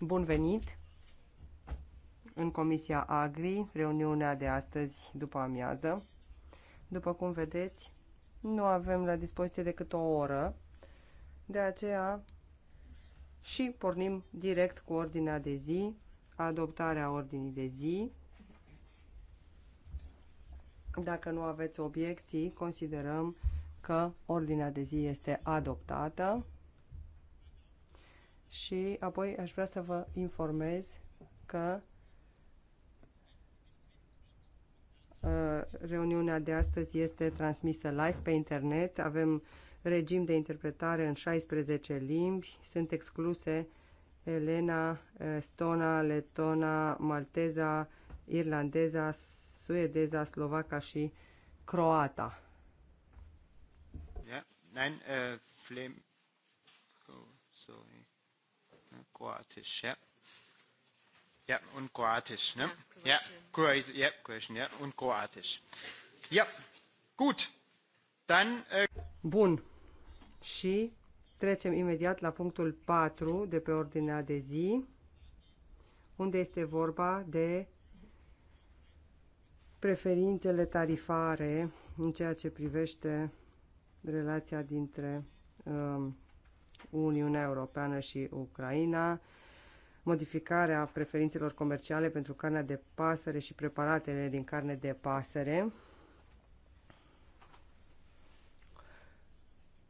Bun venit în Comisia Agri, reuniunea de astăzi după amiază. După cum vedeți, nu avem la dispoziție decât o oră, de aceea și pornim direct cu ordinea de zi, adoptarea ordinii de zi. Dacă nu aveți obiecții, considerăm că ordinea de zi este adoptată și apoi aș vrea să vă informez că uh, reuniunea de astăzi este transmisă live pe internet. Avem regim de interpretare în 16 limbi. Sunt excluse elena, uh, estona, letona, malteza, irlandeza, suedeza, slovaca și croata. Yeah. Nein, uh, äh, Flem Kroatisch, ja. Ja, und Kroatisch, ne? Ja, Kroatisch, ja, Kroatisch, ja, und Kroatisch. Ja, gut. Dann. Äh Bun. Și trecem imediat la punctul 4 de pe ordinea de zi, unde este vorba de preferințele tarifare în ceea ce privește relația dintre uh, Uniunea Europeană și Ucraina, modificarea preferințelor comerciale pentru carnea de pasăre și preparatele din carne de pasăre.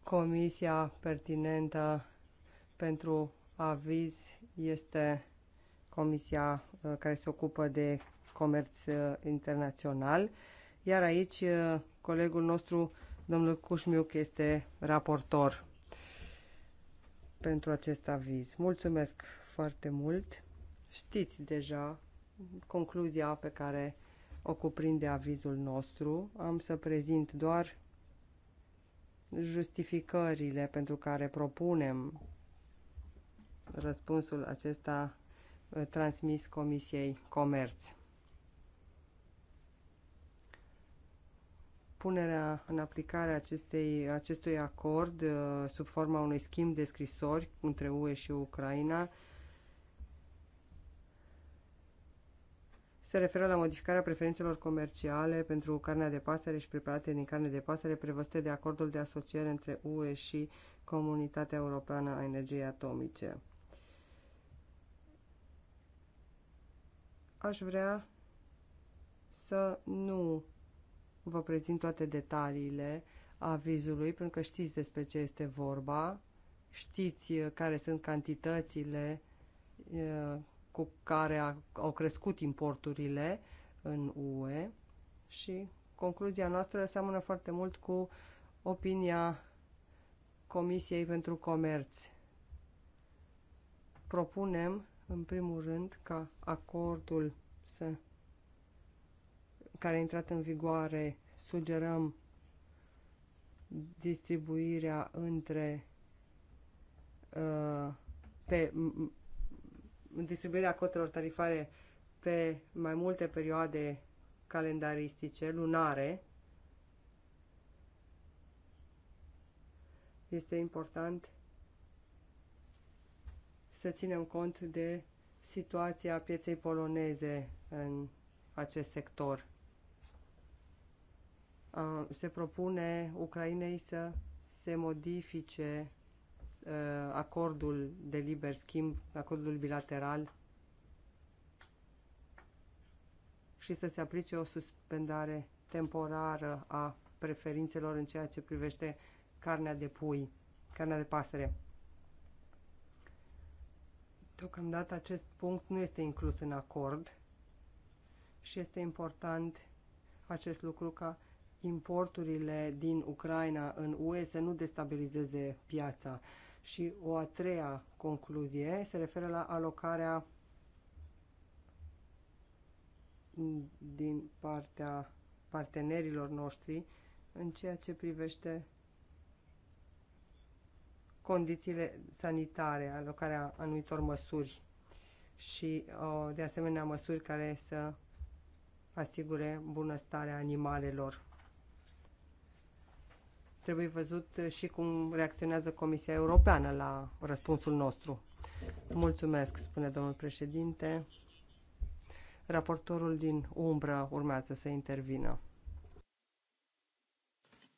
Comisia pertinentă pentru aviz este comisia uh, care se ocupă de comerț uh, internațional, iar aici uh, colegul nostru, domnul Cușmiuc, este raportor pentru acest aviz. Mulțumesc foarte mult. Știți deja concluzia pe care o cuprinde avizul nostru. Am să prezint doar justificările pentru care propunem răspunsul acesta eh, transmis Comisiei Comerț. punerea în aplicare acestei, acestui acord uh, sub forma unui schimb de scrisori între UE și Ucraina se referă la modificarea preferințelor comerciale pentru carnea de pasăre și preparate din carne de pasăre prevăzute de acordul de asociere între UE și Comunitatea Europeană a Energiei Atomice. Aș vrea să nu vă prezint toate detaliile avizului, pentru că știți despre ce este vorba, știți uh, care sunt cantitățile uh, cu care au crescut importurile în UE și concluzia noastră seamănă foarte mult cu opinia Comisiei pentru Comerț. Propunem, în primul rând, ca acordul să care a intrat în vigoare, sugerăm distribuirea între uh, pe distribuirea cotelor tarifare pe mai multe perioade calendaristice, lunare, este important să ținem cont de situația pieței poloneze în acest sector se propune Ucrainei să se modifice acordul de liber schimb, acordul bilateral și să se aplice o suspendare temporară a preferințelor în ceea ce privește carnea de pui, carnea de pasăre. Deocamdată acest punct nu este inclus în acord și este important acest lucru ca importurile din Ucraina în UE să nu destabilizeze piața. Și o a treia concluzie se referă la alocarea din partea partenerilor noștri în ceea ce privește condițiile sanitare, alocarea anumitor măsuri și de asemenea măsuri care să asigure bunăstarea animalelor. Trebuie văzut și cum reacționează Comisia Europeană la răspunsul nostru. Mulțumesc, spune domnul președinte. Raportorul din umbră urmează să intervină.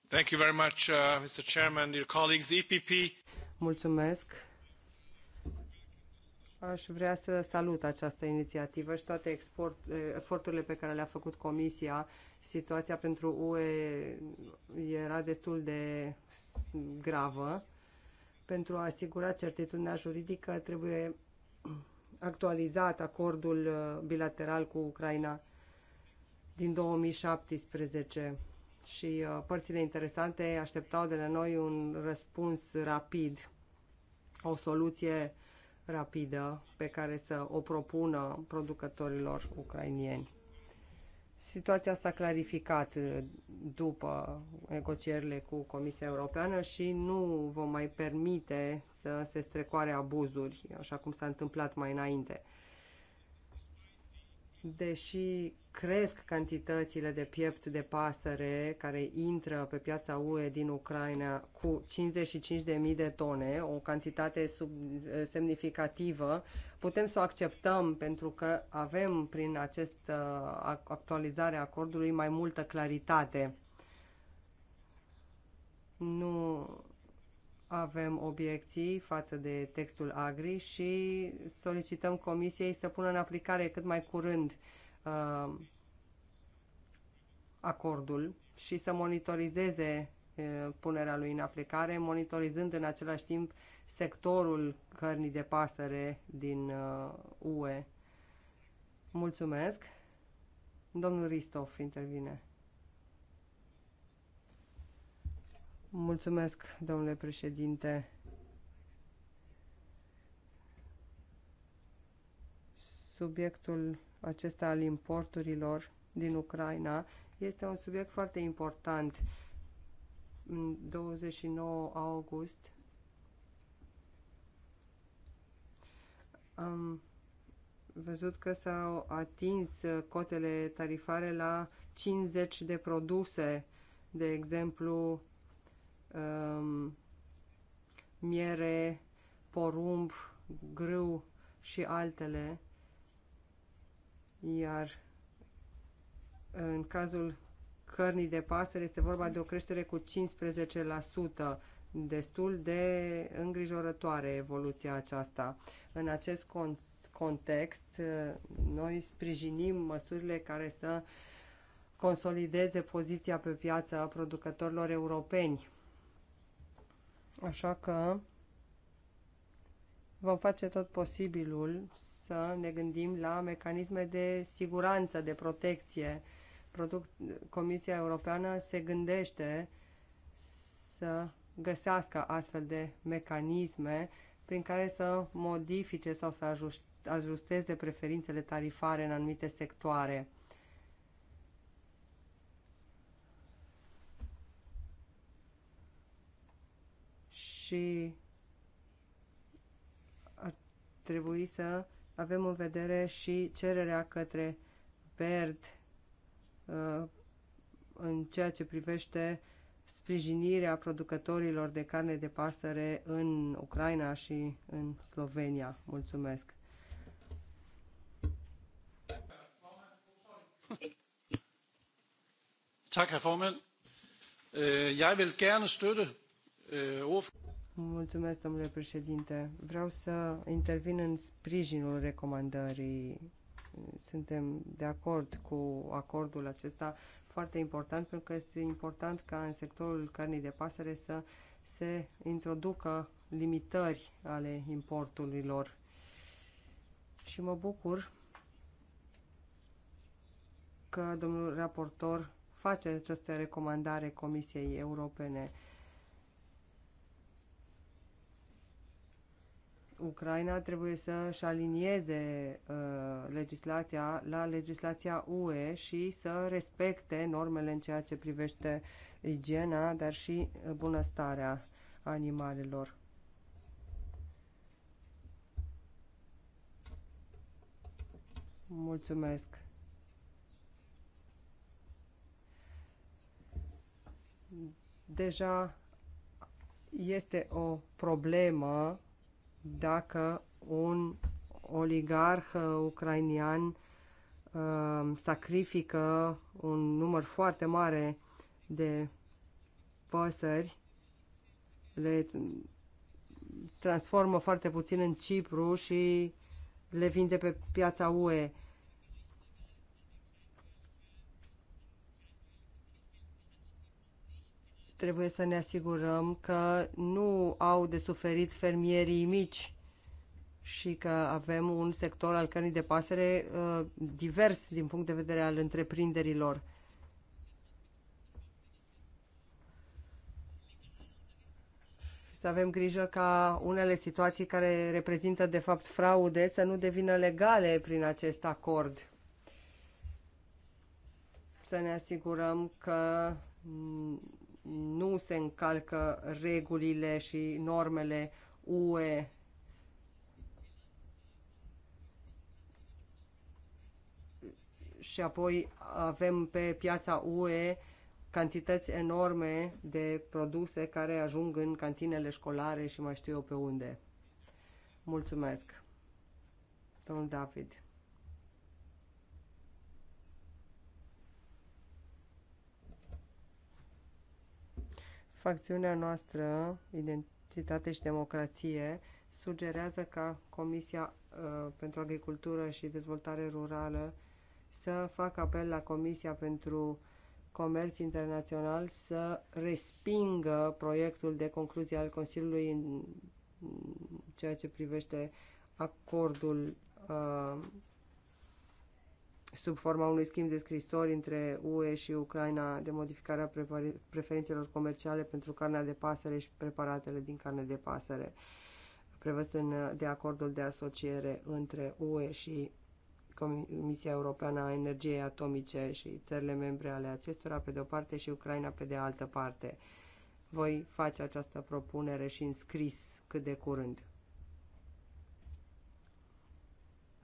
Thank you very much, uh, Mr. Chairman, dear colleagues. EPP. Mulțumesc, Aș vrea să salut această inițiativă și toate export, eforturile pe care le-a făcut Comisia. Situația pentru UE era destul de gravă. Pentru a asigura certitudinea juridică trebuie actualizat acordul uh, bilateral cu Ucraina din 2017 și uh, părțile interesante așteptau de la noi un răspuns rapid, o soluție uh, rapidă pe care să o propună producătorilor ucrainieni. Situația s-a clarificat uh, după negocierile cu Comisia Europeană și nu vom mai permite să se strecoare abuzuri, așa cum s-a întâmplat mai înainte deși cresc cantitățile de piept de pasăre care intră pe piața UE din Ucraina cu 55.000 de tone, o cantitate sub, eh, semnificativă, putem să o acceptăm pentru că avem prin această eh, actualizare a acordului mai multă claritate. Nu avem obiecții față de textul Agri și solicităm Comisiei să pună în aplicare cât mai curând uh, acordul și să monitorizeze uh, punerea lui în aplicare, monitorizând în același timp sectorul cărnii de pasăre din uh, UE. Mulțumesc. Domnul Ristov intervine. Mulțumesc, domnule președinte. Subiectul acesta al importurilor din Ucraina este un subiect foarte important. În 29 august am văzut că s-au atins cotele tarifare la 50 de produse, de exemplu Ehm, miere, porumb, grâu și altele. Iar în cazul cărnii de pasăre este vorba de o creștere cu 15%, destul de îngrijorătoare evoluția aceasta. În acest context, eh, noi sprijinim măsurile care să consolideze poziția pe piață a producătorilor europeni Așa că vom face tot posibilul să ne gândim la mecanisme de siguranță, de protecție. Product, Comisia Europeană se gândește să găsească astfel de mecanisme prin care să modifice sau să ajusteze preferințele tarifare în anumite sectoare. și ar trebui să avem în vedere și cererea către BERD uh, în ceea ce privește sprijinirea producătorilor de carne de pasăre în Ucraina și în Slovenia. Mulțumesc! Tak, herr formand. Øh, jeg vil gerne støtte øh, ordføreren. Mulțumesc, domnule președinte. Vreau să intervin în sprijinul recomandării. Suntem de acord cu acordul acesta foarte important, pentru că este important ca în sectorul carnii de pasăre să se introducă limitări ale importurilor. Și mă bucur că domnul raportor face această recomandare Comisiei Europene Ucraina trebuie să-și alinieze uh, legislația la legislația UE și să respecte normele în ceea ce privește igiena, dar și bunăstarea animalelor. Mulțumesc! Deja este o problemă dacă un oligarh uh, ucrainian uh, sacrifică un număr foarte mare de păsări, le transformă foarte puțin în Cipru și le vinde pe piața UE. trebuie să ne asigurăm că nu au de suferit fermierii mici și că avem un sector al cărnii de pasăre uh, divers din punct de vedere al întreprinderilor. să avem grijă ca unele situații care reprezintă de fapt fraude să nu devină legale prin acest acord. Să ne asigurăm că nu se încalcă regulile și normele UE. Și apoi avem pe piața UE cantități enorme de produse care ajung în cantinele școlare și mai știu eu pe unde. Mulțumesc. Domnul David. Facțiunea noastră, Identitate și Democrație, sugerează ca Comisia uh, pentru Agricultură și Dezvoltare Rurală să facă apel la Comisia pentru Comerț Internațional să respingă proiectul de concluzie al Consiliului în ceea ce privește acordul uh, sub forma unui schimb de scrisori între UE și Ucraina de modificarea preferințelor comerciale pentru carnea de pasăre și preparatele din carne de pasăre, prevăzut uh, în, de acordul de asociere între UE și Comisia Europeană a Energiei Atomice și țările membre ale acestora pe de o parte și Ucraina pe de altă parte. Voi face această propunere și în scris cât de curând.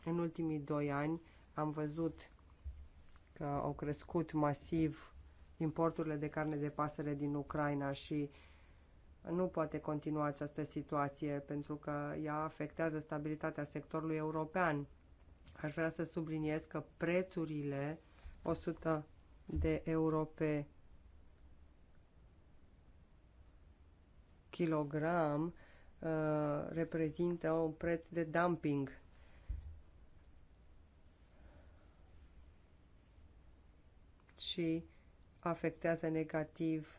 În ultimii doi ani, am văzut că au crescut masiv importurile de carne de pasăre din Ucraina și nu poate continua această situație pentru că ea afectează stabilitatea sectorului european. Aș vrea să subliniez că prețurile 100 de euro pe kilogram uh, reprezintă un preț de dumping și afectează negativ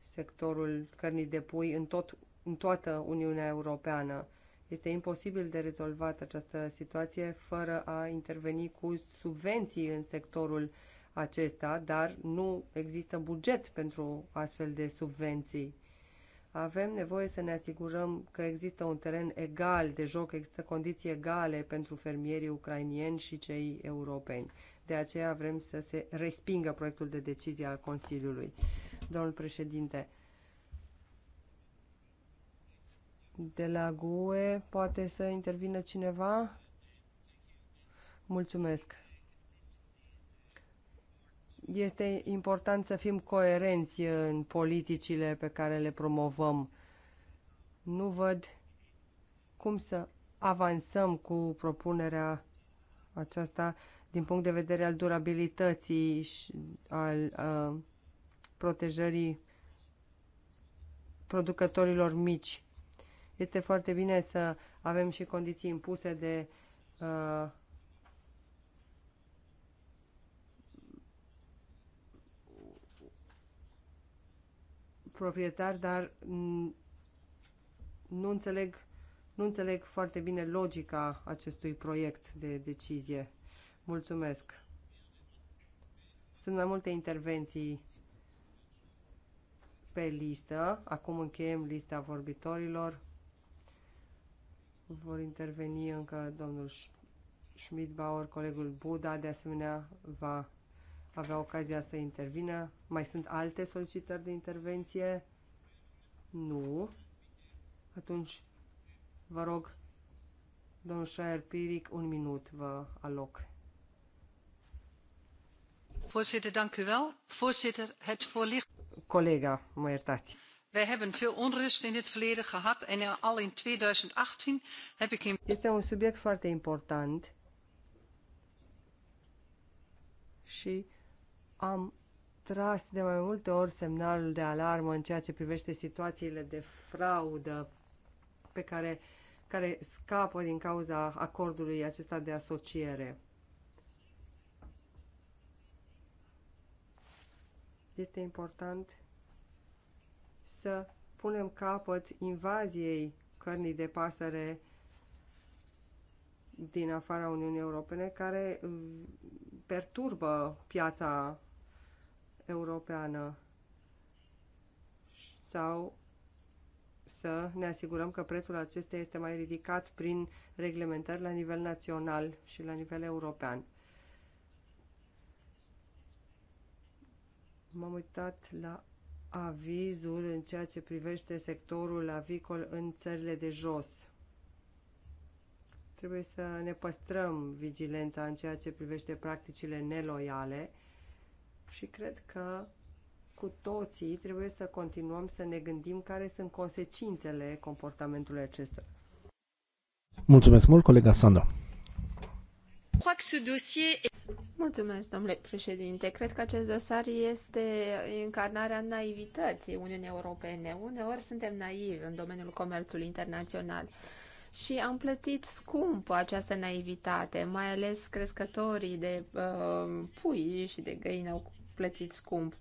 sectorul cărnii de pui în, tot, în toată Uniunea Europeană. Este imposibil de rezolvat această situație fără a interveni cu subvenții în sectorul acesta, dar nu există buget pentru astfel de subvenții. Avem nevoie să ne asigurăm că există un teren egal de joc, există condiții egale pentru fermierii ucrainieni și cei europeni. De aceea vrem să se respingă proiectul de decizie al Consiliului. Domnul președinte, de la GUE poate să intervină cineva? Mulțumesc. Este important să fim coerenți în politicile pe care le promovăm. Nu văd cum să avansăm cu propunerea aceasta din punct de vedere al durabilității și al uh, protejării producătorilor mici. Este foarte bine să avem și condiții impuse de uh, proprietari, dar nu înțeleg, nu înțeleg foarte bine logica acestui proiect de decizie. Mulțumesc. Sunt mai multe intervenții pe listă. Acum încheiem lista vorbitorilor. Vor interveni încă domnul Schmidbauer, colegul Buda, de asemenea va avea ocazia să intervină. Mai sunt alte solicitări de intervenție? Nu. Atunci, vă rog, domnul Șaer Piric, un minut vă aloc. Voorzitter, dank u wel. Voorzitter, het voorlicht... Collega, mă iertați. Wij hebben veel onrust in het verleden gehad en er al in 2018 heb ik in... Este un subiect foarte important și am tras de mai multe ori semnalul de alarmă în ceea ce privește situațiile de fraudă pe care, care scapă din cauza acordului acesta de asociere. Este important să punem capăt invaziei cărnii de pasăre din afara Uniunii Europene, care uh, perturbă piața europeană sau să ne asigurăm că prețul acesta este mai ridicat prin reglementări la nivel național și la nivel european. M-am uitat la avizul în ceea ce privește sectorul avicol în țările de jos. Trebuie să ne păstrăm vigilența în ceea ce privește practicile neloiale și cred că cu toții trebuie să continuăm să ne gândim care sunt consecințele comportamentului acestor. Mulțumesc mult, colega Sandra. Mulțumesc, domnule președinte. Cred că acest dosar este încarnarea naivității Uniunii Europene. Uneori suntem naivi în domeniul comerțului internațional și am plătit scump această naivitate, mai ales crescătorii de uh, pui și de găini au plătit scump,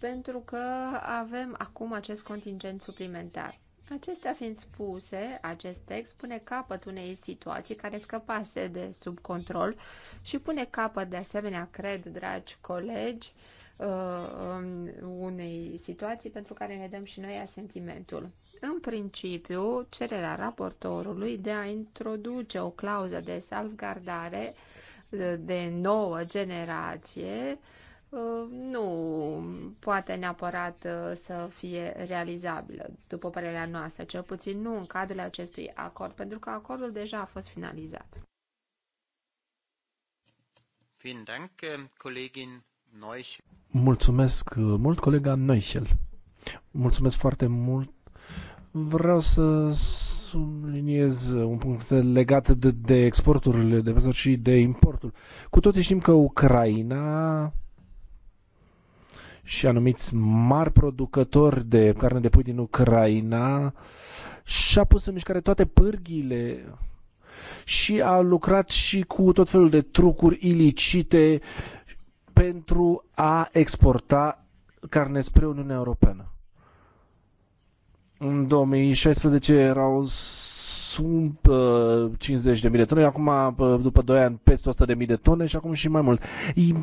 pentru că avem acum acest contingent suplimentar. Acestea fiind spuse, acest text pune capăt unei situații care scăpase de sub control și pune capăt de asemenea, cred, dragi colegi, uh, um, unei situații pentru care ne dăm și noi asentimentul. În principiu, cererea raportorului de a introduce o clauză de salvgardare uh, de nouă generație uh, poate neapărat uh, să fie realizabilă, după părerea noastră, cel puțin nu în cadrul acestui acord, pentru că acordul deja a fost finalizat. Äh, Mulțumesc uh, mult, colega Neuchel. Mulțumesc foarte mult. Vreau să subliniez un punct legat de, de exporturile de păsări și de importul. Cu toții știm că Ucraina și anumiți mari producători de carne de pui din Ucraina și-a pus în mișcare toate pârghile și a lucrat și cu tot felul de trucuri ilicite pentru a exporta carne spre Uniunea Europeană. În 2016 erau sunt uh, 50 de mii de tone, acum uh, după 2 ani peste 100 de mii de tone și acum și mai mult.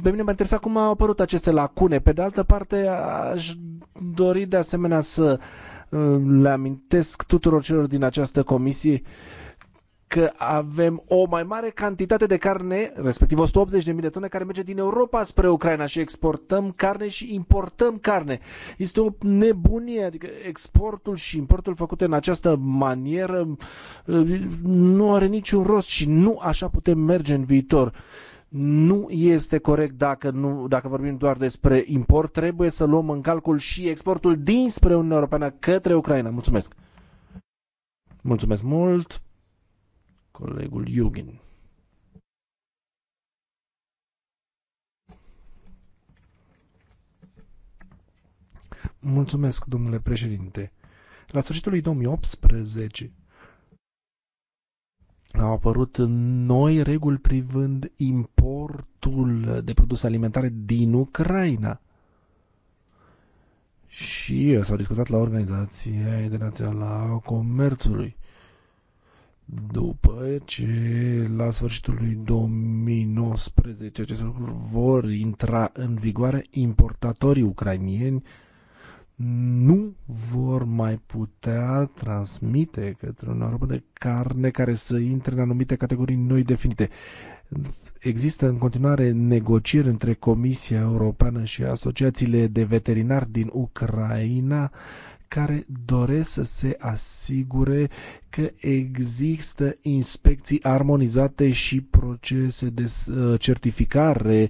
Pe mine m-a interesat cum au apărut aceste lacune. Pe de altă parte, aș dori de asemenea să uh, le amintesc tuturor celor din această comisie uh, că avem o mai mare cantitate de carne, respectiv 180.000 de tone, care merge din Europa spre Ucraina și exportăm carne și importăm carne. Este o nebunie, adică exportul și importul făcute în această manieră eh, nu are niciun rost și nu așa putem merge în viitor nu este corect dacă, nu, dacă vorbim doar despre import. Trebuie să luăm în calcul și exportul dinspre Uniunea Europeană către Ucraina. Mulțumesc! Mulțumesc mult! colegul Iugin. Mulțumesc, domnule președinte. La sfârșitul lui 2018 au apărut noi reguli privind importul de produse alimentare din Ucraina. Și s-au discutat la Organizația Internațională a Comerțului după ce la sfârșitul lui 2019 aceste lucruri vor intra în vigoare, importatorii ucrainieni nu vor mai putea transmite către un Europeană de carne care să intre în anumite categorii noi definite. Există în continuare negocieri între Comisia Europeană și asociațiile de veterinari din Ucraina care doresc să se asigure că există inspecții armonizate și procese de uh, certificare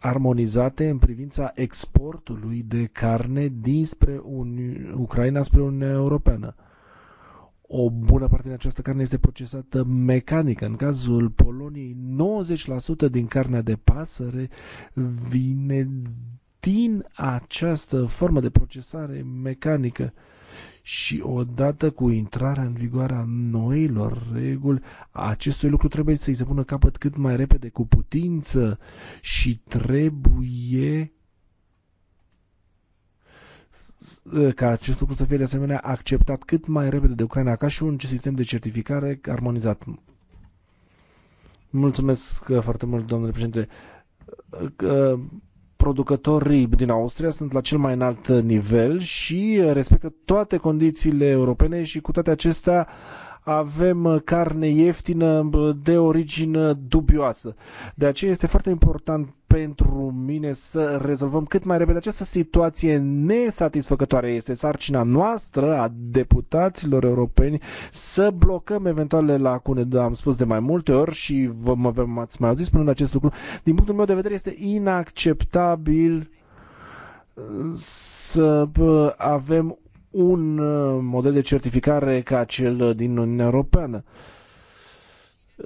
armonizate în privința exportului de carne dinspre Uni- Ucraina spre Uniunea Europeană. O bună parte din această carne este procesată mecanic. În cazul Poloniei, 90% din carnea de pasăre vine din această formă de procesare mecanică. Și odată cu intrarea în vigoare a noilor reguli, acestui lucru trebuie să-i se pună capăt cât mai repede cu putință și trebuie ca acest lucru să fie de asemenea acceptat cât mai repede de Ucraina ca și un sistem de certificare armonizat. Mulțumesc foarte mult, domnule președinte. Că producători RIB din Austria sunt la cel mai înalt nivel și respectă toate condițiile europene și cu toate acestea avem carne ieftină de origine dubioasă. De aceea este foarte important pentru mine să rezolvăm cât mai repede această situație nesatisfăcătoare. Este sarcina noastră a deputaților europeni să blocăm eventuale lacune. Da, am spus de mai multe ori și vă, mă, ați mai auzit spunând acest lucru. Din punctul meu de vedere este inacceptabil uh, să avem un uh, model de certificare ca cel uh, din Uniunea Europeană. Uh,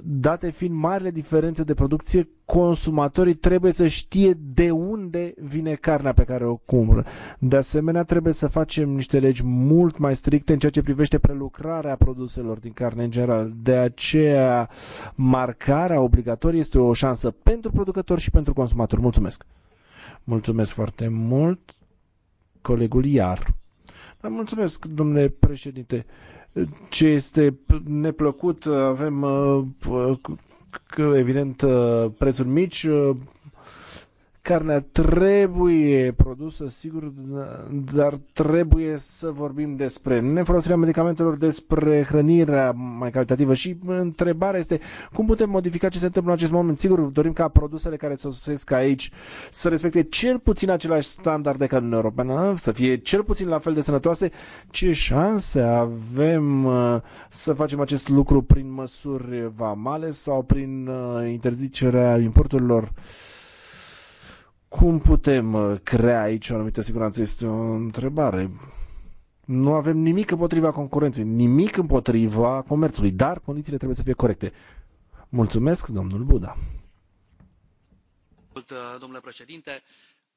date fiind marile diferențe de producție, consumatorii trebuie să știe de unde vine carnea pe care o cumpără. De asemenea, trebuie să facem niște legi mult mai stricte în ceea ce privește prelucrarea produselor din carne în general. De aceea, marcarea obligatorie este o șansă pentru producători și pentru consumatori. Mulțumesc! Mulțumesc foarte mult, colegul Iar. Da, mulțumesc, domnule președinte. Uh, ce este neplăcut, avem uh, uh, că, evident uh, prețuri mici, Carnea trebuie produsă, sigur, dar trebuie să vorbim despre nefolosirea medicamentelor, despre hrănirea mai calitativă și întrebarea este cum putem modifica ce se întâmplă în acest moment. Sigur, dorim ca produsele care sosesc aici să respecte cel puțin același standard ca în Europeană, să fie cel puțin la fel de sănătoase. Ce șanse avem uh, să facem acest lucru prin măsuri vamale sau prin uh, interzicerea importurilor? Cum putem uh, crea aici o anumită siguranță? Este o întrebare. Nu avem nimic împotriva concurenței, nimic împotriva comerțului, dar condițiile trebuie să fie corecte. Mulțumesc, domnul Buda. Mult, uh, domnule președinte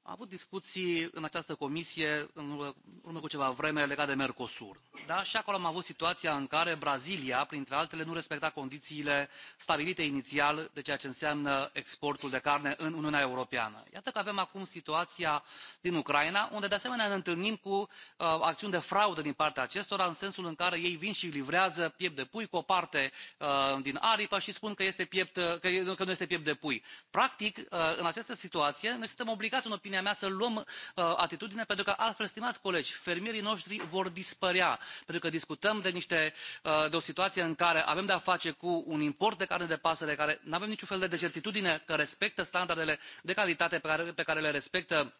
am avut discuții în această comisie în urmă cu ceva vreme legate de Mercosur. Da? Și acolo am avut situația în care Brazilia, printre altele, nu respecta condițiile stabilite inițial de ceea ce înseamnă exportul de carne în Uniunea Europeană. Iată că avem acum situația din Ucraina, unde de asemenea ne întâlnim cu uh, acțiuni de fraudă din partea acestora, în sensul în care ei vin și livrează piept de pui cu o parte uh, din aripă și spun că, este piept, uh, că, că nu este piept de pui. Practic, uh, în această situație, noi suntem obligați, în opinia opinia mea să luăm uh, atitudine pentru că altfel stimați colegi fermierii noștri vor dispărea pentru că discutăm de niște uh, de o situație în care avem de a face cu un import de carne de pasăre care nu avem niciun fel de certitudine că respectă standardele de calitate pe care le respectă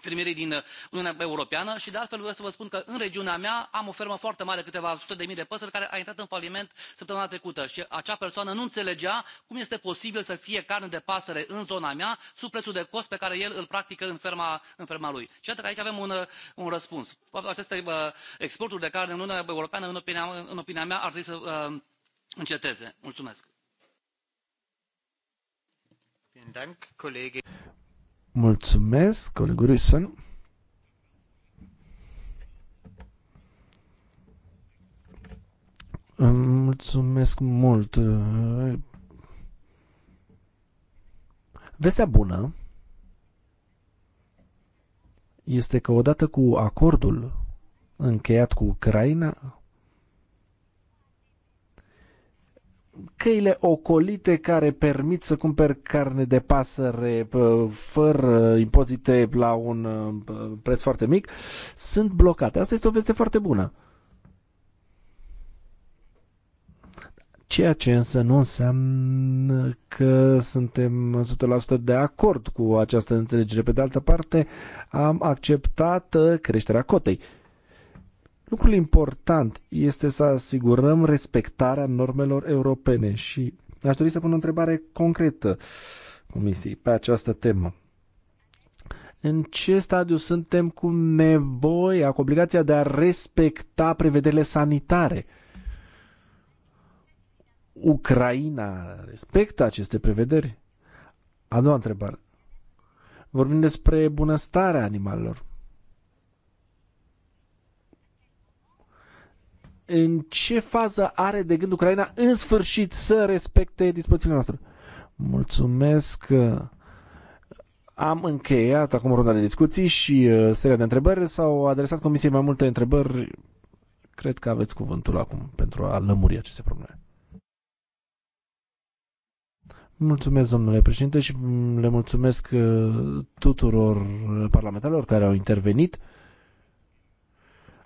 fermierii din uh, Uniunea Europeană și de altfel vreau să vă spun că în regiunea mea am o fermă foarte mare, câteva sute de mii de păsări, care a intrat în faliment săptămâna trecută și acea persoană nu înțelegea cum este posibil să fie carne de pasăre în zona mea sub prețul de cost pe care el îl practică în ferma, în ferma lui. Și iată că aici avem un, uh, un răspuns. Aceste uh, exporturi de carne în Uniunea Europeană, în opinia, în opinia mea, ar trebui să uh, înceteze. Mulțumesc! Mulțumesc, colegul Rusen. Mulțumesc mult. Vestea bună este că odată cu acordul încheiat cu Ucraina, căile ocolite care permit să cumperi carne de pasăre fără impozite la un uh, preț foarte mic sunt blocate. Asta este o veste foarte bună. Ceea ce însă nu înseamnă că suntem 100% de acord cu această înțelegere. Pe de altă parte, am acceptat uh, creșterea cotei. Uh, Lucrul important este să asigurăm respectarea normelor europene și aș dori să pun o întrebare concretă Comisiei pe această temă. În ce stadiu suntem cu nevoia, cu obligația de a respecta prevederile sanitare? Ucraina respectă aceste prevederi? A doua întrebare. Vorbim despre bunăstarea animalelor. în ce fază are de gând Ucraina în sfârșit să respecte dispozițiile noastre. Mulțumesc! Am încheiat acum runda de discuții și uh, seria de întrebări. S-au adresat comisiei mai multe întrebări. Cred că aveți cuvântul acum pentru a lămuri aceste probleme. Mulțumesc, domnule președinte, și le mulțumesc uh, tuturor parlamentarilor care au intervenit.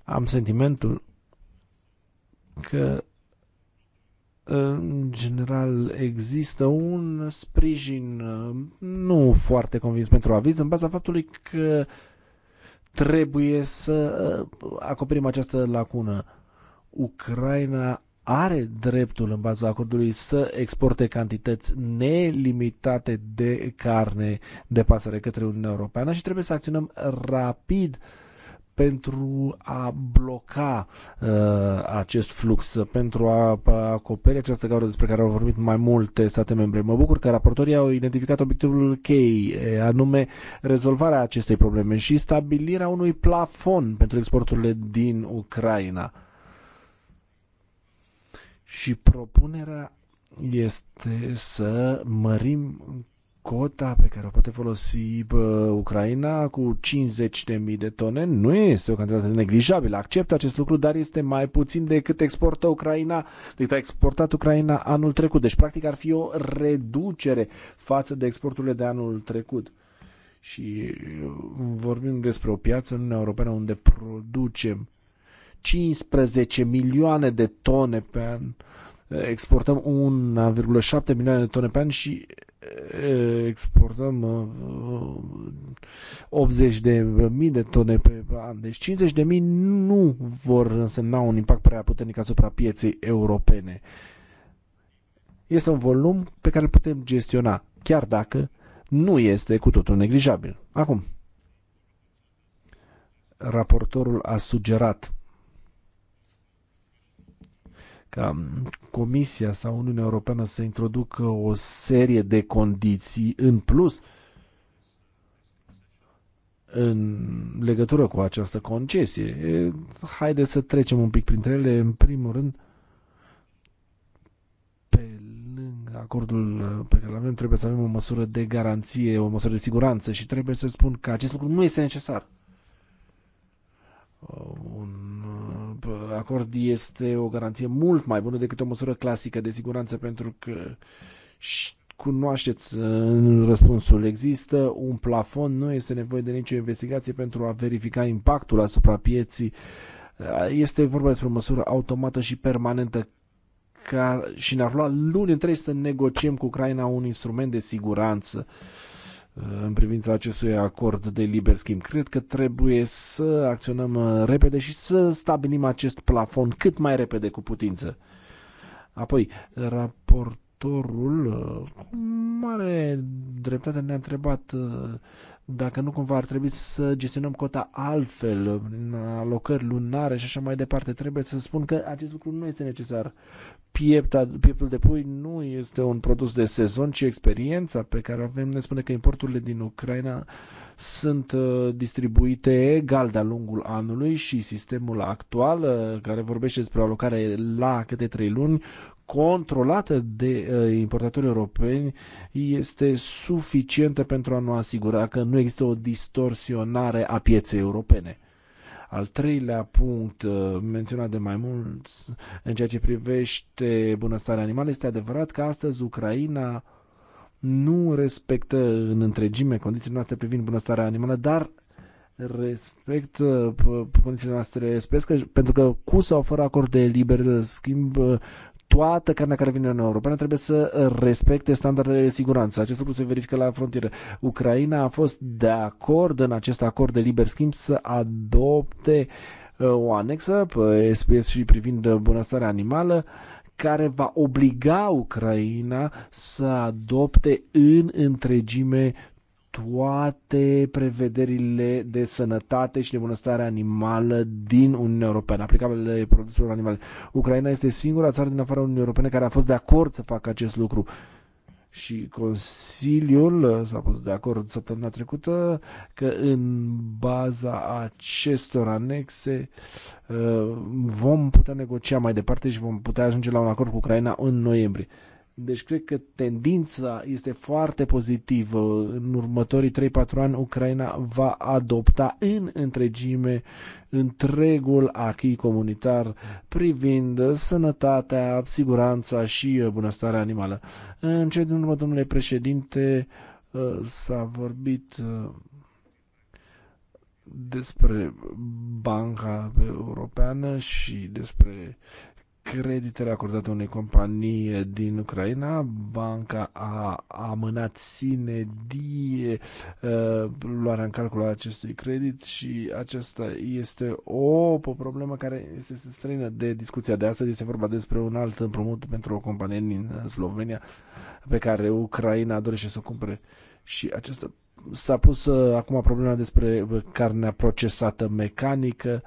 Am sentimentul că în general există un sprijin nu foarte convins pentru aviz în baza faptului că trebuie să acoperim această lacună. Ucraina are dreptul în baza acordului să exporte cantități nelimitate de carne de pasăre către Uniunea Europeană și trebuie să acționăm rapid uh, pentru a bloca uh, acest flux, pentru a, a acoperi această gaură despre care au vorbit mai multe state membre. Mă bucur că raportorii au identificat obiectivul chei, anume rezolvarea acestei probleme și stabilirea unui plafon pentru exporturile din Ucraina. Și propunerea este să mărim cota pe care o poate folosi bă, Ucraina cu 50.000 de tone nu este o cantitate neglijabilă. Acceptă acest lucru, dar este mai puțin decât exportă Ucraina, decât a exportat Ucraina anul trecut. Deci, practic, ar fi o reducere față de exporturile de anul trecut. Și vorbim despre o piață în Uniunea Europeană unde producem 15 milioane de tone pe an, exportăm 1,7 milioane de tone pe an și exportăm 80 uh, de mii de tone pe an. Deci 50 de mii nu vor însemna un impact prea puternic asupra pieței europene. Este un volum pe care îl putem gestiona, chiar dacă nu este cu totul neglijabil. Acum, raportorul a sugerat ca Comisia sau Uniunea Europeană să introducă o serie de condiții în plus în legătură cu această concesie. Haideți să trecem un pic printre ele. În primul rând, pe lângă acordul pe care l avem, trebuie să avem o măsură de garanție, o măsură de siguranță și trebuie să spun că acest lucru nu este necesar. Uh, un acord este o garanție mult mai bună decât o măsură clasică de siguranță pentru că cunoașteți uh, răspunsul. Există un plafon, nu este nevoie de nicio investigație pentru a verifica impactul asupra pieții. Uh, este vorba despre o măsură automată și permanentă ca, și ne-ar lua luni întregi să negociem cu Ucraina un instrument de siguranță. Uh, Uh, în privința acestui acord de liber schimb. Cred că trebuie să acționăm uh, repede și să stabilim acest plafon cât mai repede cu putință. Apoi, raportorul uh, cu mare dreptate ne-a întrebat dacă nu cumva ar trebui să gestionăm cota altfel, alocări lunare și așa mai departe. Trebuie să spun că acest lucru nu este necesar. Piepta, pieptul de pui nu este un produs de sezon, ci experiența pe care avem ne spune că importurile din Ucraina sunt uh, distribuite egal de-a lungul anului și sistemul actual, uh, care vorbește despre alocare la câte trei luni, controlată de uh, importatorii europeni este suficientă pentru a nu asigura că nu există o distorsionare a pieței europene. Al treilea punct uh, menționat de mai mulți în ceea ce privește bunăstarea animală este adevărat că astăzi Ucraina nu respectă în întregime condițiile noastre privind bunăstarea animală, dar respect uh, condițiile noastre spesc că, pentru că cu sau fără acord de liber schimb toată carnea care vine în Uniunea Europeană trebuie să uh, respecte standardele de siguranță. Acest lucru se verifică la frontieră. Ucraina a fost de acord în acest acord de liber schimb să adopte uh, o anexă pe SPS și privind uh, bunăstarea animală care va obliga Ucraina să adopte în întregime toate prevederile de sănătate și de bunăstare animală din Uniunea Europeană, aplicabile produselor animale. Ucraina este singura țară din afara Uniunii Europene care a fost de acord să facă acest lucru. Și Consiliul uh, s-a pus de acord săptămâna trecută că în baza acestor anexe uh, vom putea negocia mai departe și vom putea ajunge la un acord cu Ucraina în noiembrie. Deci cred că tendința este foarte pozitivă. În următorii 3-4 ani Ucraina va adopta în întregime întregul acquis comunitar privind sănătatea, siguranța și uh, bunăstarea animală. În ce din urmă, domnule președinte, uh, s-a vorbit uh, despre banca europeană și despre creditele acordate unei companii din Ucraina. Banca a amânat sine die uh, luarea în calcul a acestui credit și aceasta este o, o problemă care este străină de discuția de astăzi. Este vorba despre un alt împrumut pentru o companie din uh, Slovenia pe care Ucraina dorește să o cumpere și această S-a pus uh, acum problema despre uh, carnea procesată mecanică.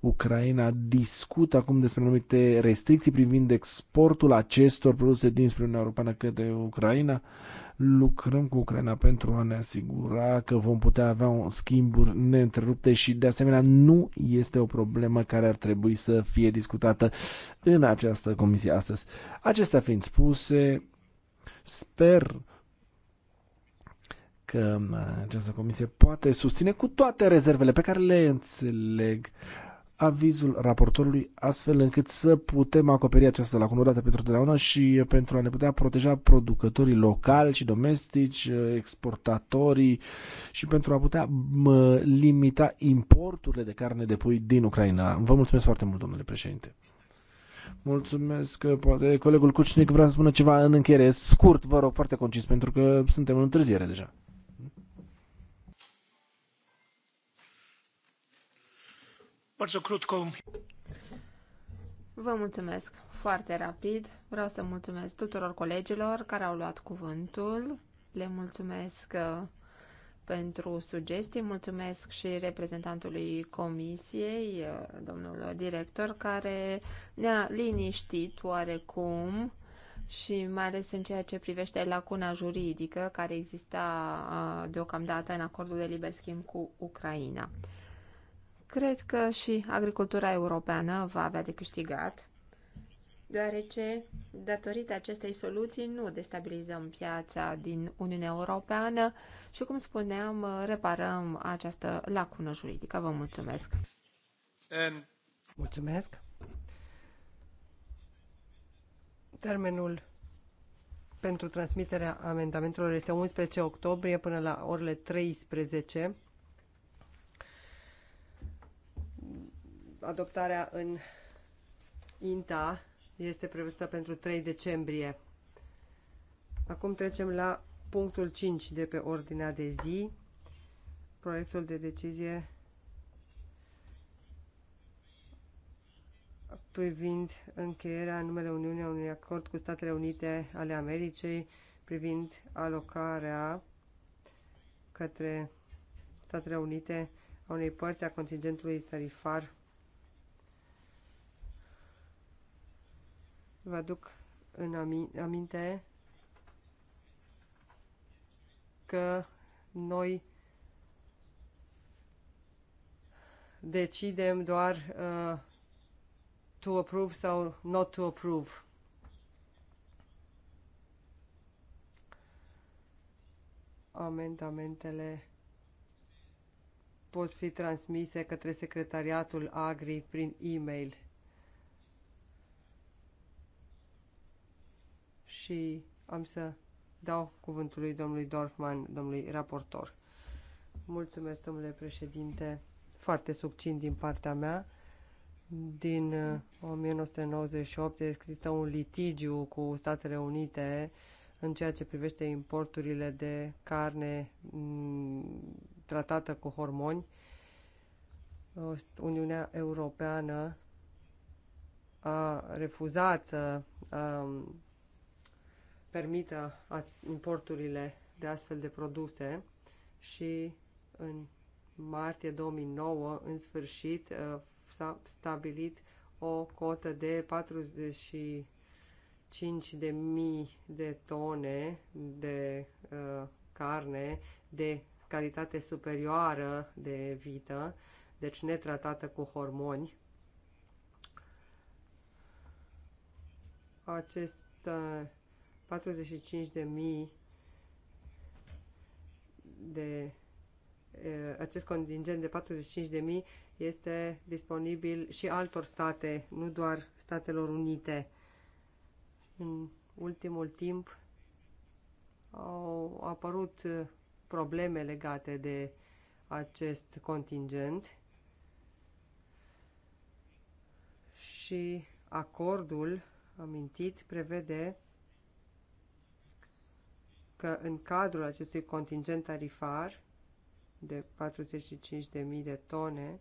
Ucraina discută acum despre anumite restricții privind exportul acestor produse dinspre Uniunea Europeană către Ucraina. Lucrăm cu Ucraina pentru a ne asigura că vom putea avea un schimburi neîntrerupte și de asemenea nu este o problemă care ar trebui să fie discutată în această comisie astăzi. Acestea fiind spuse, sper că uh, această comisie poate susține cu toate rezervele pe care le înțeleg avizul raportorului astfel încât să putem acoperi această lacună odată pentru totdeauna și pentru a ne putea proteja producătorii locali și domestici, uh, exportatorii și pentru a putea limita importurile de carne de pui din Ucraina. Vă mulțumesc foarte mult, domnule președinte. Mulțumesc. Uh, poate colegul Cucinic vrea să spună ceva în încheiere. Scurt, vă rog, foarte concis, pentru că suntem în întârziere deja. Vă mulțumesc foarte rapid. Vreau să mulțumesc tuturor colegilor care au luat cuvântul. Le mulțumesc uh, pentru sugestii, mulțumesc și reprezentantului comisiei, uh, domnul director, care ne-a liniștit oarecum și mai ales în ceea ce privește lacuna juridică care exista uh, deocamdată în acordul de liber schimb cu Ucraina cred că și agricultura europeană va avea de câștigat, deoarece, datorită acestei soluții, nu destabilizăm piața din Uniunea Europeană și, cum spuneam, reparăm această lacună juridică. Vă mulțumesc! And... Mulțumesc! Termenul pentru transmiterea amendamentelor este 11 octombrie până la orele 13. adoptarea în INTA este prevăzută pentru 3 decembrie. Acum trecem la punctul 5 de pe ordinea de zi, proiectul de decizie privind încheierea în numele Uniunii a unui acord cu Statele Unite ale Americii privind alocarea către Statele Unite a unei părți a contingentului tarifar Vă aduc în aminte că noi decidem doar uh, to approve sau not to approve. Amendamentele pot fi transmise către secretariatul Agri prin e-mail. și am să dau cuvântul lui domnului Dorfman, domnului raportor. Mulțumesc, domnule președinte, foarte succint din partea mea. Din 1998 uh, există un litigiu cu Statele Unite în ceea ce privește importurile de carne mm, tratată cu hormoni. Uniunea Europeană a refuzat să um, permită importurile de astfel de produse și în martie 2009, în sfârșit, uh, s-a stabilit o cotă de 45.000 de tone de uh, carne de calitate superioară de vită, deci netratată cu hormoni. Acest uh, 45 de mii de acest contingent de 45 de mii este disponibil și altor state, nu doar Statelor Unite. În ultimul timp au apărut probleme legate de acest contingent și acordul amintit prevede că în cadrul acestui contingent tarifar de 45.000 de tone,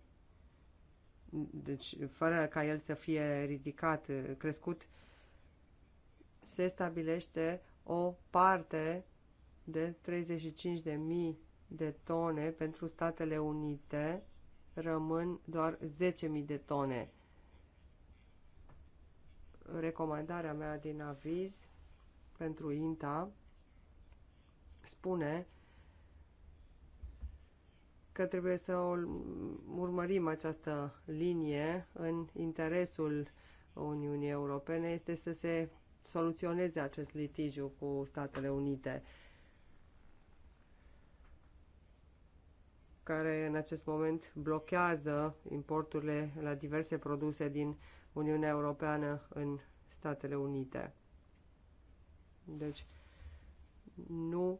deci fără ca el să fie ridicat, crescut, se stabilește o parte de 35.000 de tone pentru Statele Unite, rămân doar 10.000 de tone. Recomandarea mea din aviz pentru INTA spune că trebuie să urmărim această linie în interesul Uniunii Europene este să se soluționeze acest litigiu cu Statele Unite, care în acest moment blochează importurile la diverse produse din Uniunea Europeană în Statele Unite. Deci, nu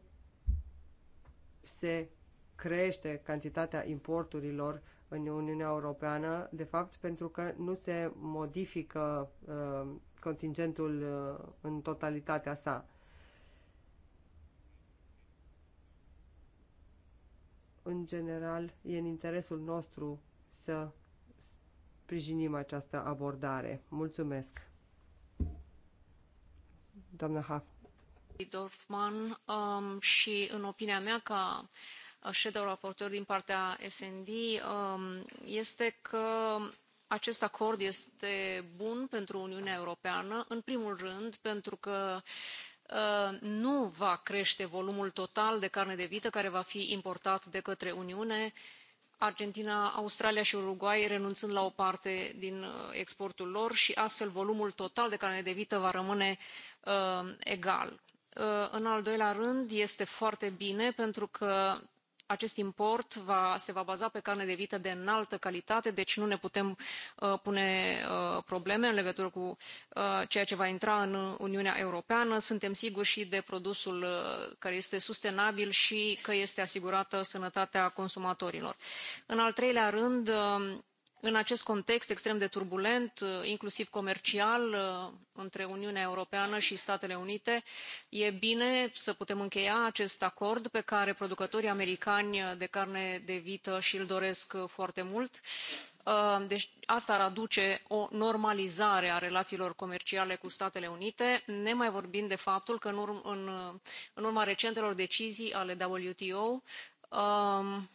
se crește cantitatea importurilor în Uniunea Europeană, de fapt pentru că nu se modifică uh, contingentul uh, în totalitatea sa. În general, e în interesul nostru să sprijinim această abordare. Mulțumesc! Doamna haft. Dorfman um, și în opinia mea ca shadow uh, raportor din partea SND um, este că acest acord este bun pentru Uniunea Europeană, în primul rând pentru că uh, nu va crește volumul total de carne de vită care va fi importat de către Uniune, Argentina, Australia și Uruguay renunțând la o parte din uh, exportul lor și astfel volumul total de carne de vită va rămâne uh, egal. Uh, în al doilea rând, este foarte bine pentru că acest import va, se va baza pe carne de vită de înaltă calitate, deci nu ne putem uh, pune uh, probleme în legătură cu uh, ceea ce va intra în Uniunea Europeană. Suntem siguri și de produsul uh, care este sustenabil și că este asigurată sănătatea consumatorilor. În al treilea rând, uh, în acest context extrem de turbulent, uh, inclusiv comercial, uh, între Uniunea Europeană și Statele Unite, e bine să putem încheia acest acord pe care producătorii americani de carne de vită și îl doresc uh, foarte mult. Deci asta ar aduce o normalizare a relațiilor comerciale cu Statele Unite, nemai vorbind de faptul că în, urma recentelor decizii ale WTO, um,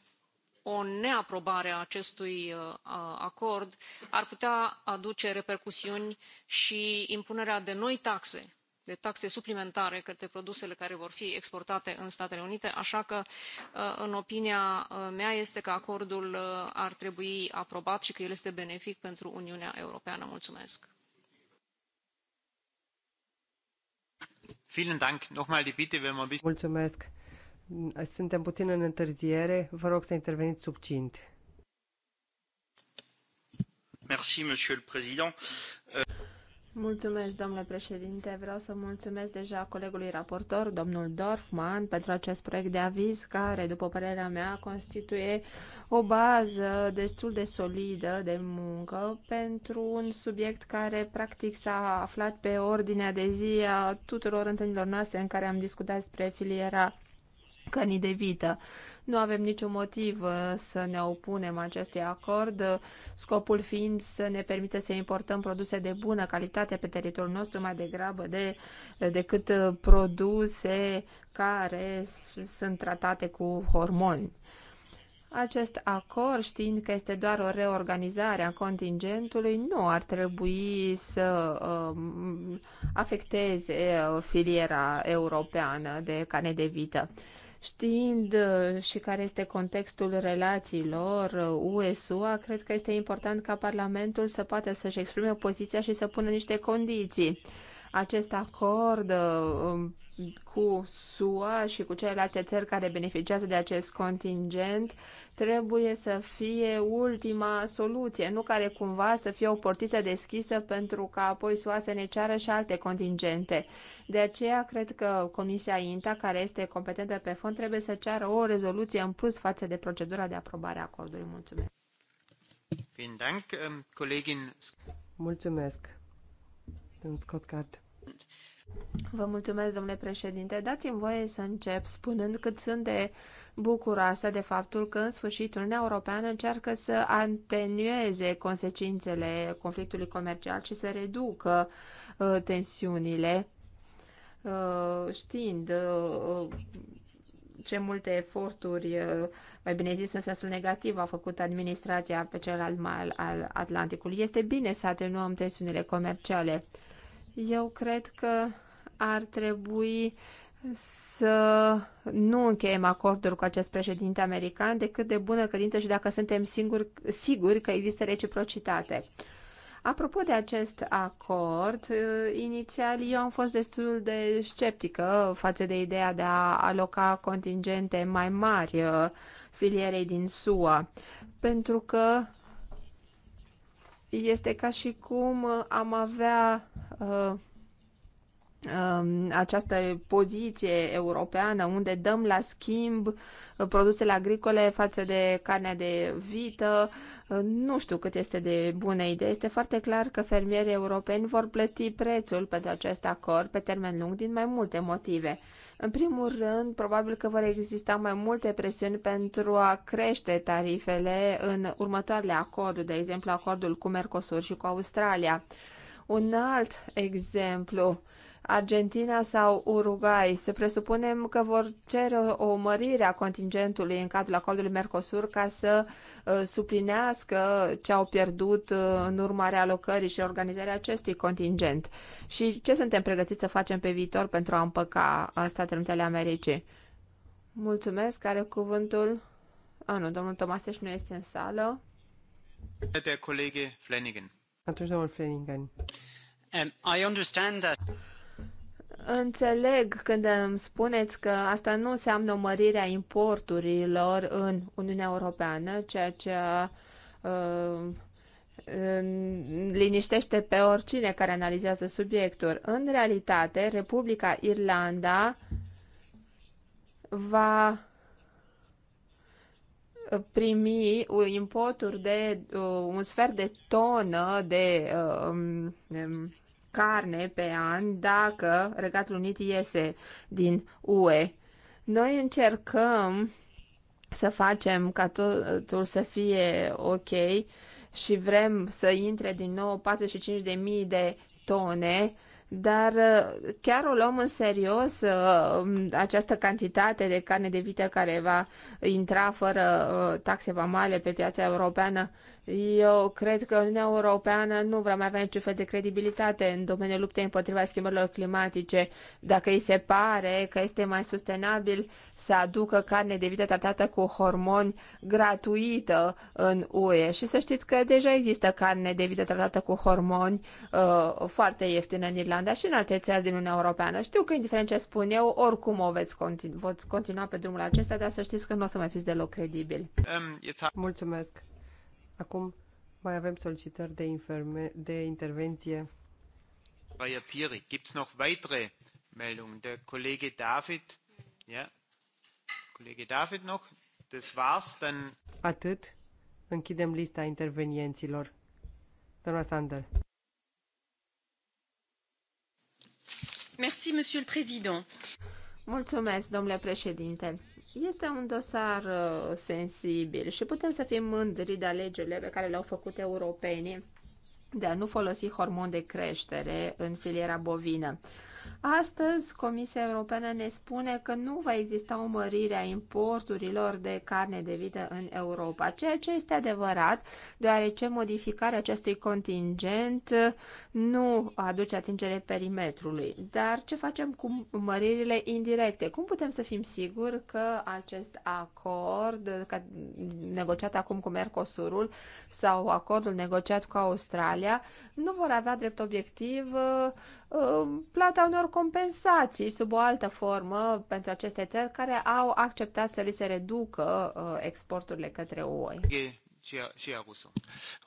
o neaprobare a acestui uh, acord ar putea aduce repercusiuni și impunerea de noi taxe de taxe suplimentare către produsele care vor fi exportate în Statele Unite, așa că, uh, în opinia uh, mea, este că acordul ar trebui aprobat și că el este benefic pentru Uniunea Europeană. Mulțumesc! Mulțumesc! Suntem puțin în întârziere. Vă rog să interveniți subcint. Merci, monsieur le président. Uh, mulțumesc, domnule președinte. Vreau să mulțumesc deja colegului raportor, domnul Dorfman, pentru acest proiect de aviz care, după părerea mea, constituie o bază destul de solidă de muncă pentru un subiect care, practic, s-a aflat pe ordinea de zi a tuturor întâlnirilor noastre în care am discutat despre filiera cărnii de vită. Nu avem niciun motiv uh, să ne opunem acestui acord, uh, scopul fiind să ne permită să importăm produse de bună calitate pe teritoriul nostru mai degrabă de, decât uh, produse care sunt tratate cu hormoni. Acest acord, știind că este doar o reorganizare a contingentului, nu ar trebui să um, afecteze filiera europeană de cane de vită. Știind uh, și care este contextul relațiilor USUA, uh, cred că este important ca Parlamentul să poată să-și exprime poziția și să pună niște condiții. Acest acord uh, um, cu SUA și cu celelalte țări care beneficiază de acest contingent trebuie să fie ultima soluție, nu care cumva să fie o portiță deschisă pentru ca apoi SUA să ne ceară și alte contingente. De aceea cred că Comisia INTA, care este competentă pe fond, trebuie să ceară o rezoluție în plus față de procedura de aprobare a acordului. Mulțumesc! Ähm, Mulțumesc, domnul Scott Card. Vă mulțumesc, domnule președinte. Dați-mi voie să încep spunând cât sunt de bucuroasă de faptul că, în sfârșit, Uniunea Europeană încearcă să atenueze consecințele conflictului comercial și să reducă uh, tensiunile, uh, știind uh, ce multe eforturi, uh, mai bine zis în sensul negativ, a făcut administrația pe celălalt mal al Atlanticului. Este bine să atenuăm tensiunile comerciale. Eu cred că ar trebui să nu încheiem acordul cu acest președinte american decât de bună credință și dacă suntem singuri, siguri că există reciprocitate. Apropo de acest acord, eh, inițial eu am fost destul de sceptică față de ideea de a aloca contingente mai mari eh, filierei din SUA, pentru că este ca și cum uh, am avea uh, Um, această poziție europeană unde dăm la schimb produsele agricole față de carnea de vită. Uh, nu știu cât este de bună idee. Este foarte clar că fermierii europeni vor plăti prețul pentru acest acord pe termen lung din mai multe motive. În primul rând, probabil că vor exista mai multe presiuni pentru a crește tarifele în următoarele acorduri, de exemplu acordul cu Mercosur și cu Australia. Un alt exemplu Argentina sau Uruguay, să presupunem că vor cere o mărire a contingentului în cadrul acordului Mercosur ca să uh, suplinească ce au pierdut uh, în urma realocării și organizarea acestui contingent. Și ce suntem pregătiți să facem pe viitor pentru a împăca uh, Statele Unite ale Americii? Mulțumesc, are cuvântul... Ah, nu, domnul Tomaseș nu este în sală. De Kollege Flanagan. Atunci, domnul Flanagan. Um, I understand that... Înțeleg când îmi spuneți că asta nu înseamnă o mărire a importurilor în Uniunea Europeană, ceea ce uh, liniștește pe oricine care analizează subiectul. În realitate, Republica Irlanda va primi importuri de uh, un sfert de tonă de uh, de um, carne pe an dacă Regatul Unit iese din UE. Noi încercăm să facem ca totul să fie ok și vrem să intre din nou 45.000 de tone, dar uh, chiar o luăm în serios uh, această cantitate de carne de vită care va intra fără uh, taxe vamale pe piața europeană eu cred că Uniunea Europeană nu vrea mai avea niciun fel de credibilitate în domeniul luptei împotriva schimbărilor climatice dacă îi se pare că este mai sustenabil să aducă carne de vită tratată cu hormoni gratuită în UE. Și să știți că deja există carne de vită tratată cu hormoni uh, foarte ieftină în Irlanda și în alte țări din Uniunea Europeană. Știu că, indiferent ce spun eu, oricum o veți, continu- veți continua pe drumul acesta, dar să știți că nu o să mai fiți deloc credibil. Um, Mulțumesc! Acum mai avem solicitări de, inferme, de intervenție. Maria Piri, gibt's noch weitere Meldungen? Der Kollege David, ja? Kollege David noch? Das war's, dann... Atât. Închidem lista intervenienților. Doamna Sander. Merci, Monsieur le Président. Mulțumesc, domnule președinte. Este un dosar uh, sensibil și putem să fim mândri de alegerile pe care le-au făcut europenii de a nu folosi hormon de creștere în filiera bovină. Astăzi, Comisia Europeană ne spune că nu va exista o mărire a importurilor de carne de vită în Europa, ceea ce este adevărat, deoarece modificarea acestui contingent nu aduce atingere perimetrului. Dar ce facem cu măririle indirecte? Cum putem să fim siguri că acest acord că negociat acum cu Mercosurul sau acordul negociat cu Australia nu vor avea drept obiectiv uh, Uh, plata unor compensații sub o altă formă pentru aceste țări care au acceptat să li se reducă uh, exporturile către UE.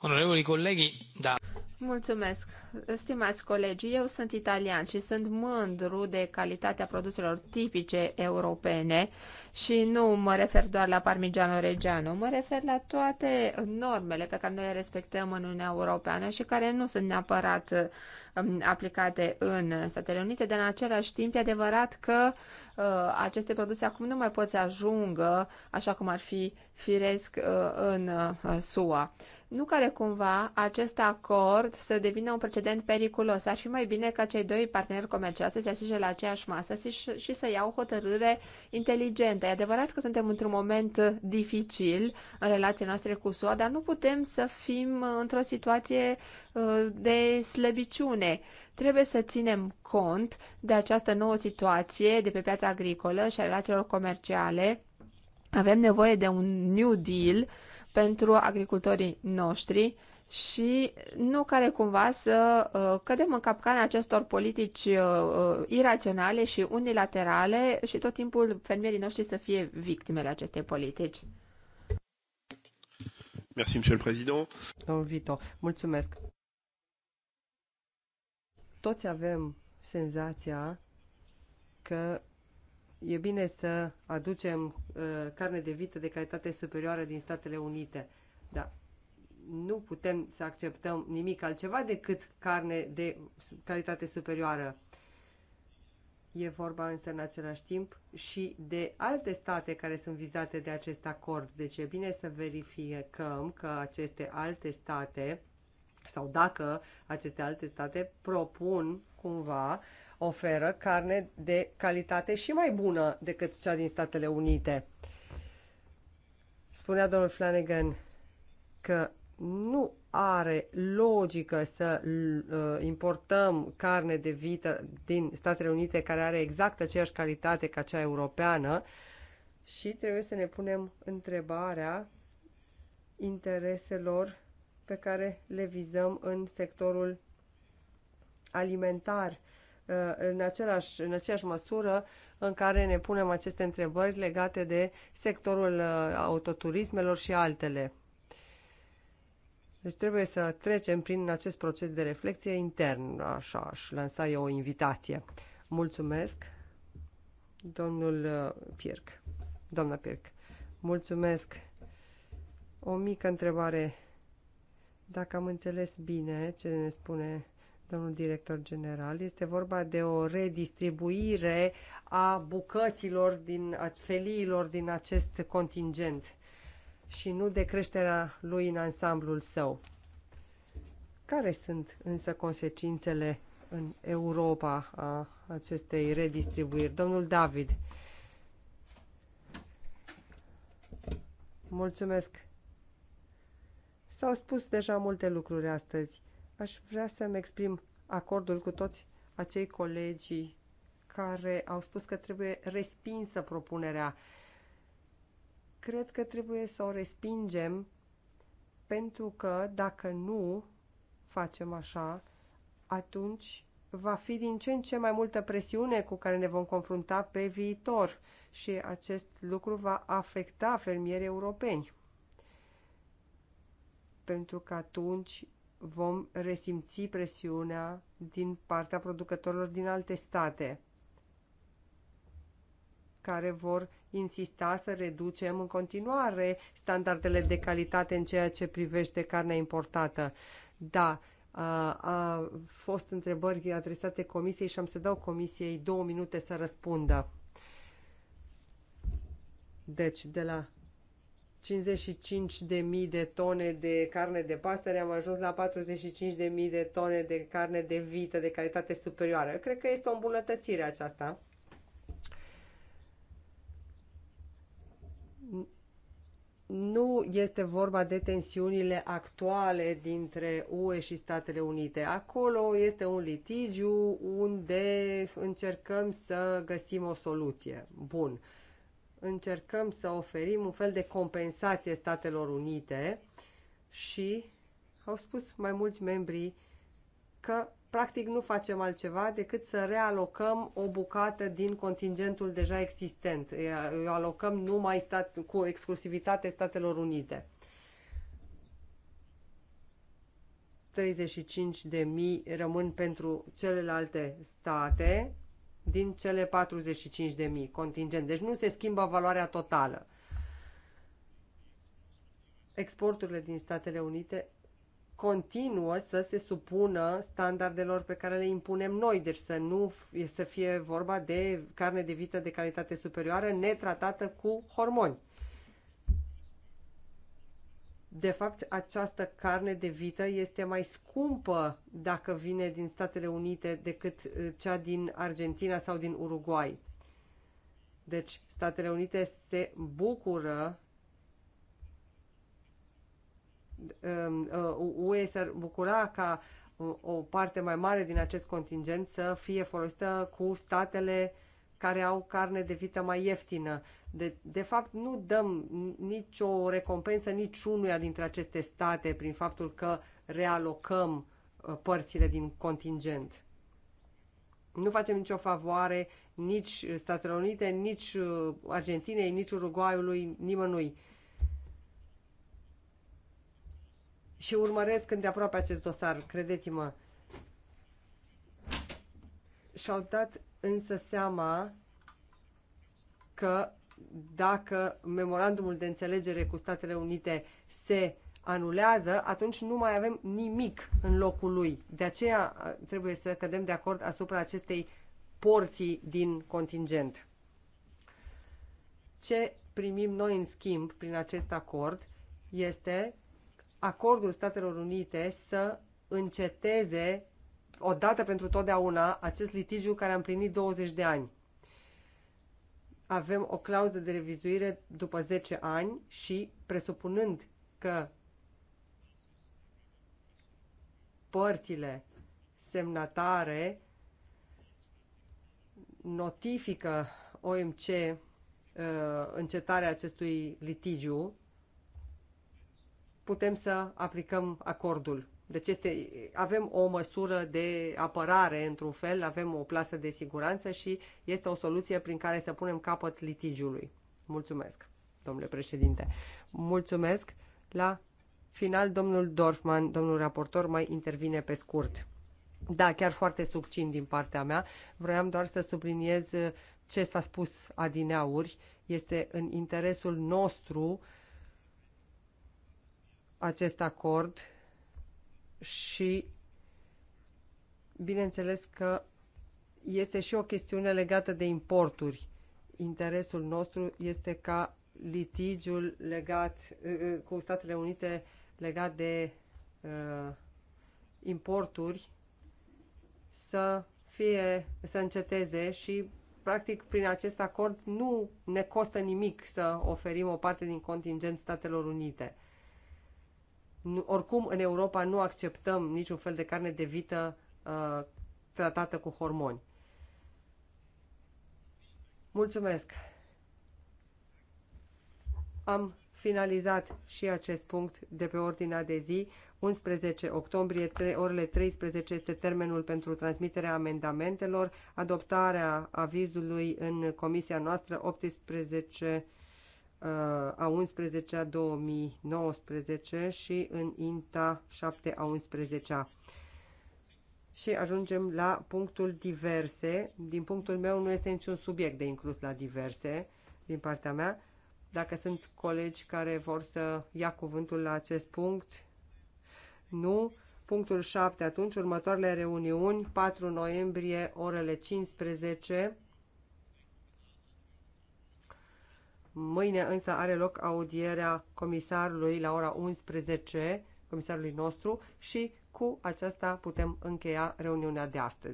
Onorevoli colegi, da. Mulțumesc. Stimați colegi, eu sunt italian și sunt mândru de calitatea produselor tipice europene și nu mă refer doar la Parmigiano Reggiano, mă refer la toate normele pe care noi le respectăm în Uniunea Europeană și care nu sunt neapărat um, aplicate în Statele Unite, dar în același timp e adevărat că uh, aceste produse acum nu mai pot să ajungă așa cum ar fi firesc uh, în uh, SUA. Nu care cumva acest acord să devină un precedent periculos. Ar fi mai bine ca cei doi parteneri comerciali să se asige la aceeași masă și să iau o hotărâre inteligentă. E adevărat că suntem într-un moment dificil în relațiile noastre cu SUA, dar nu putem să fim într-o situație uh, de slăbiciune. Trebuie să ținem cont de această nouă situație de pe piața agricolă și a relațiilor comerciale. Avem nevoie de un New Deal pentru agricultorii noștri și nu care cumva să uh, cădem în capcana acestor politici uh, uh, iraționale și unilaterale și tot timpul fermierii noștri să fie victimele acestei politici. Merci, Monsieur le Président. Domnul Vito, mulțumesc. Toți avem senzația că e bine să aducem uh, carne de vită de calitate superioară din Statele Unite. Da, nu putem să acceptăm nimic altceva decât carne de calitate superioară. E vorba însă în același timp și de alte state care sunt vizate de acest acord. Deci e bine să verificăm că aceste alte state sau dacă aceste alte state propun cumva uh, oferă carne de calitate și mai bună decât cea din Statele Unite. Spunea domnul Flanagan că nu are logică să uh, importăm carne de vită din Statele Unite care are exact aceeași calitate ca cea europeană și trebuie să ne punem întrebarea intereselor pe care le vizăm în sectorul alimentar. Uh, în, același, în aceeași măsură în care ne punem aceste întrebări legate de sectorul uh, autoturismelor și altele. Deci trebuie să trecem prin acest proces de reflexie intern, așa aș lansa eu o invitație. Mulțumesc, domnul uh, Pierc. Doamna Pierc, mulțumesc. O mică întrebare. Dacă am înțeles bine ce ne spune domnul director general. Este vorba de o redistribuire a bucăților, din, a feliilor din acest contingent și nu de creșterea lui în ansamblul său. Care sunt însă consecințele în Europa a acestei redistribuiri? Domnul David. Mulțumesc. S-au spus deja multe lucruri astăzi. Aș vrea să-mi exprim acordul cu toți acei colegii care au spus că trebuie respinsă propunerea. Cred că trebuie să o respingem pentru că dacă nu facem așa, atunci va fi din ce în ce mai multă presiune cu care ne vom confrunta pe viitor și acest lucru va afecta fermierii europeni. Pentru că atunci vom resimți presiunea din partea producătorilor din alte state care vor insista să reducem în continuare standardele de calitate în ceea ce privește carnea importată. Da, a, a fost întrebări adresate comisiei și am să dau comisiei două minute să răspundă. Deci, de la 55.000 de tone de carne de pasăre, am ajuns la 45.000 de tone de carne de vită de calitate superioară. Cred că este o îmbunătățire aceasta. nu este vorba de tensiunile actuale dintre UE și Statele Unite. Acolo este un litigiu unde încercăm să găsim o soluție. Bun. Uh, încercăm să oferim un fel de compensație Statelor Unite și au spus mai mulți membri că practic nu facem altceva decât să realocăm o bucată din contingentul deja existent. Îi alocăm numai stat, cu exclusivitate Statelor Unite. 35.000 rămân pentru celelalte state din cele 45.000 contingent. Deci nu se schimbă valoarea totală. Exporturile din Statele Unite continuă să se supună standardelor pe care le impunem noi, deci să nu să fie vorba de carne de vită de calitate superioară netratată cu hormoni. De fapt, această carne de vită este mai scumpă dacă vine din Statele Unite decât uh, cea din Argentina sau din Uruguay. Deci, Statele Unite se bucură UE um, uh, s-ar bucura ca uh, o parte mai mare din acest contingent să fie folosită cu statele care au carne de vită mai ieftină. De, de fapt, nu dăm nicio recompensă niciunuia dintre aceste state prin faptul că realocăm uh, părțile din contingent. Nu facem nicio favoare nici Statele Unite, nici uh, Argentinei, nici Uruguayului, nimănui. Și urmăresc când aproape acest dosar, credeți-mă. Și-au dat însă seama că dacă memorandumul de înțelegere cu Statele Unite se anulează, atunci nu mai avem nimic în locul lui. De aceea trebuie să cădem de acord asupra acestei porții din contingent. Ce primim noi în schimb prin acest acord este acordul Statelor Unite să înceteze odată pentru totdeauna acest litigiu care a împlinit 20 de ani avem o clauză de revizuire după 10 ani și presupunând că părțile semnatare notifică OMC uh, încetarea acestui litigiu, putem să aplicăm acordul. Deci este, avem o măsură de apărare, într-un fel, avem o plasă de siguranță și este o soluție prin care să punem capăt litigiului. Mulțumesc, domnule președinte. Mulțumesc. La final, domnul Dorfman, domnul raportor, mai intervine pe scurt. Da, chiar foarte succint din partea mea. Vroiam doar să subliniez uh, ce s-a spus adineauri. Este în interesul nostru acest acord și bineînțeles că este și o chestiune legată de importuri. Interesul nostru este ca litigiul legat uh, uh, cu Statele Unite legat de uh, importuri să fie să înceteze și practic prin acest acord nu ne costă nimic să oferim o parte din contingent Statelor Unite. Oricum, în Europa nu acceptăm niciun fel de carne de vită uh, tratată cu hormoni. Mulțumesc! Am finalizat și acest punct de pe ordinea de zi. 11 octombrie, 3, orele 13 este termenul pentru transmiterea amendamentelor, adoptarea avizului în comisia noastră 18 a 11-a 2019 și în INTA 7 a 11-a. Și ajungem la punctul diverse. Din punctul meu nu este niciun subiect de inclus la diverse din partea mea. Dacă sunt colegi care vor să ia cuvântul la acest punct, nu. Punctul 7, atunci următoarele reuniuni, 4 noiembrie, orele 15 Mâine însă are loc audierea comisarului la ora 11, comisarului nostru, și cu aceasta putem încheia reuniunea de astăzi.